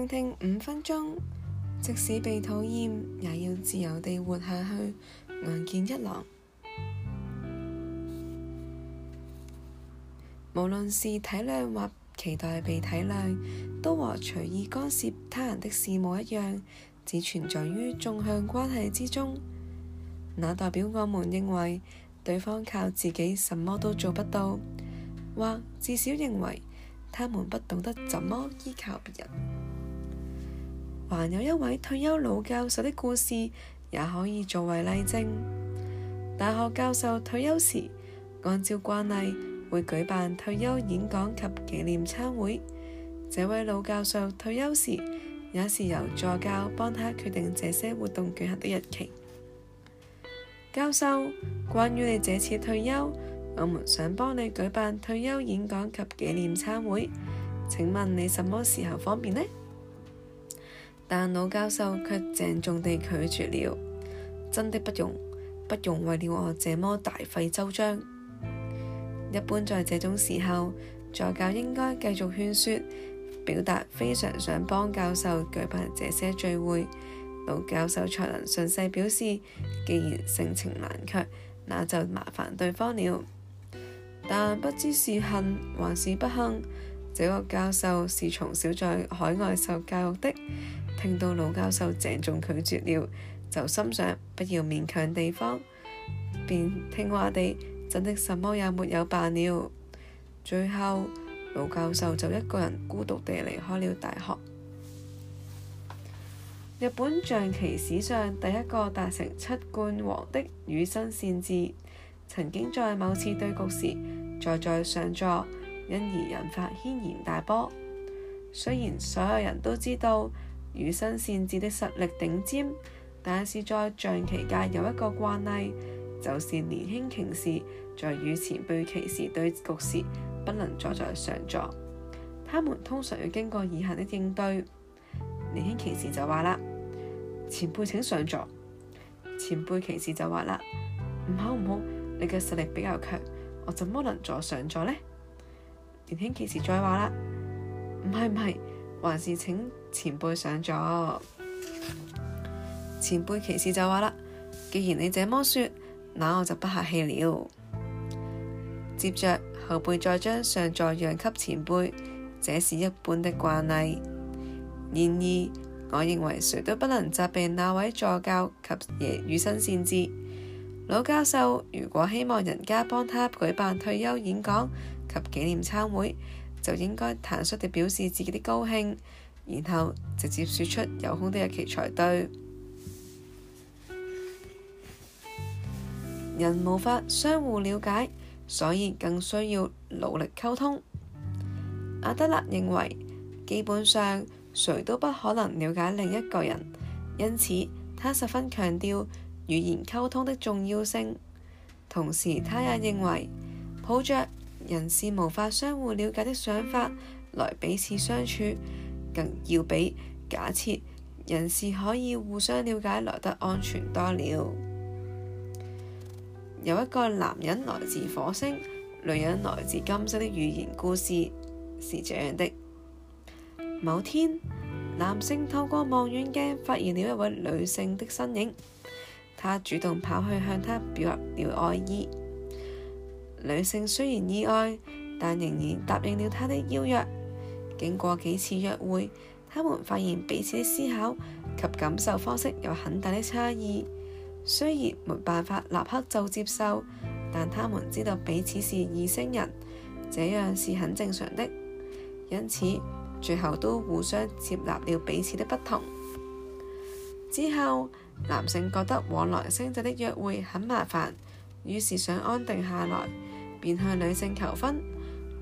聽聽五分鐘，即使被討厭，也要自由地活下去。眼見一郎， 無論是體諒或期待被體諒，都和隨意干涉他人的事務一樣，只存在於縱向關係之中。那代表我們認為對方靠自己什麼都做不到，或至少認為他們不懂得怎麼依靠別人。還有一位退休老教授的故事也可以作為例證。大學教授退休時，按照慣例會舉辦退休演講及紀念餐會。這位老教授退休時，也是由助教幫他決定這些活動舉行的日期。教授，關於你這次退休，我們想幫你舉辦退休演講及紀念餐會，請問你什麼時候方便呢？但老教授卻鄭重地拒絕了，真的不用，不用為了我這麼大費周章。一般在這種時候，助教應該繼續勸說，表達非常想幫教授舉辦這些聚會，老教授才能順勢表示，既然盛情難卻，那就麻煩對方了。但不知是幸還是不幸。這個教授是從小在海外受教育的，聽到老教授鄭重拒絕了，就心想不要勉強地方，便聽話地真的什麼也沒有辦了。最後，老教授就一個人孤獨地離開了大學。日本象棋史上第一個達成七冠王的羽生善治，曾經在某次對局時坐在上座。因而引發軒然大波。雖然所有人都知道羽生善治的實力頂尖，但是在象棋界有一個慣例，就是年輕棋士在與前輩棋士對局時不能坐在上座，他們通常要經過以下的應對。年輕棋士就話啦：前輩請上座。前輩棋士就話啦：唔好唔好，你嘅實力比較強，我怎麼能坐上座呢？前輕其士再話啦，唔係唔係，還是請前輩上座。前輩騎士就話啦，既然你這麼說，那我就不客氣了。接着後輩再將上座讓給前輩，這是一般的慣例。然而，我認為誰都不能責備那位助教及爺，與生先知老教授。如果希望人家幫他舉辦退休演講及紀念餐會，就應該坦率地表示自己的高興，然後直接說出有空的日期才對。人無法相互了解，所以更需要努力溝通。阿德勒認為，基本上誰都不可能了解另一個人，因此他十分強調語言溝通的重要性。同時，他也認為抱着人是無法相互了解的想法，來彼此相處，更要比假設人是可以互相了解來得安全多了。有一個男人來自火星，女人來自金星的寓言故事是這樣的：某天，男性透過望遠鏡發現了一位女性的身影，他主動跑去向她表達了愛意。女性雖然意外，但仍然答應了他的邀約。經過幾次約會，他們發現彼此的思考及感受方式有很大的差異。雖然沒辦法立刻就接受，但他們知道彼此是異星人，這樣是很正常的。因此最後都互相接納了彼此的不同。之後，男性覺得往來星際的約會很麻煩，於是想安定下來。便向女性求婚，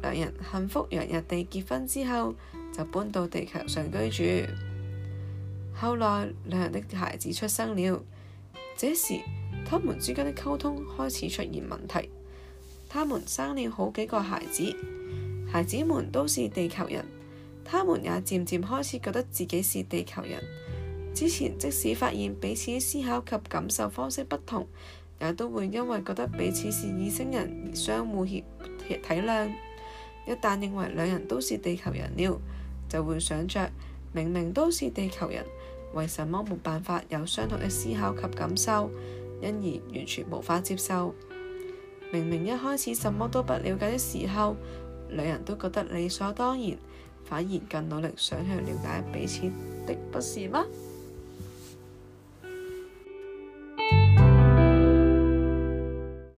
兩人幸福洋溢地結婚之後就搬到地球上居住。後來，兩人的孩子出生了，這時他們之間的溝通開始出現問題。他們生了好幾個孩子，孩子們都是地球人，他們也漸漸開始覺得自己是地球人。之前即使發現彼此思考及感受方式不同，也都會因為覺得彼此是異星人而相互協體諒，一旦認為兩人都是地球人了，就會想着明明都是地球人，為什麼沒辦法有相同嘅思考及感受，因而完全無法接受。明明一開始什麼都不了解的時候，兩人都覺得理所當然，反而更努力想去了解彼此的，不是嗎？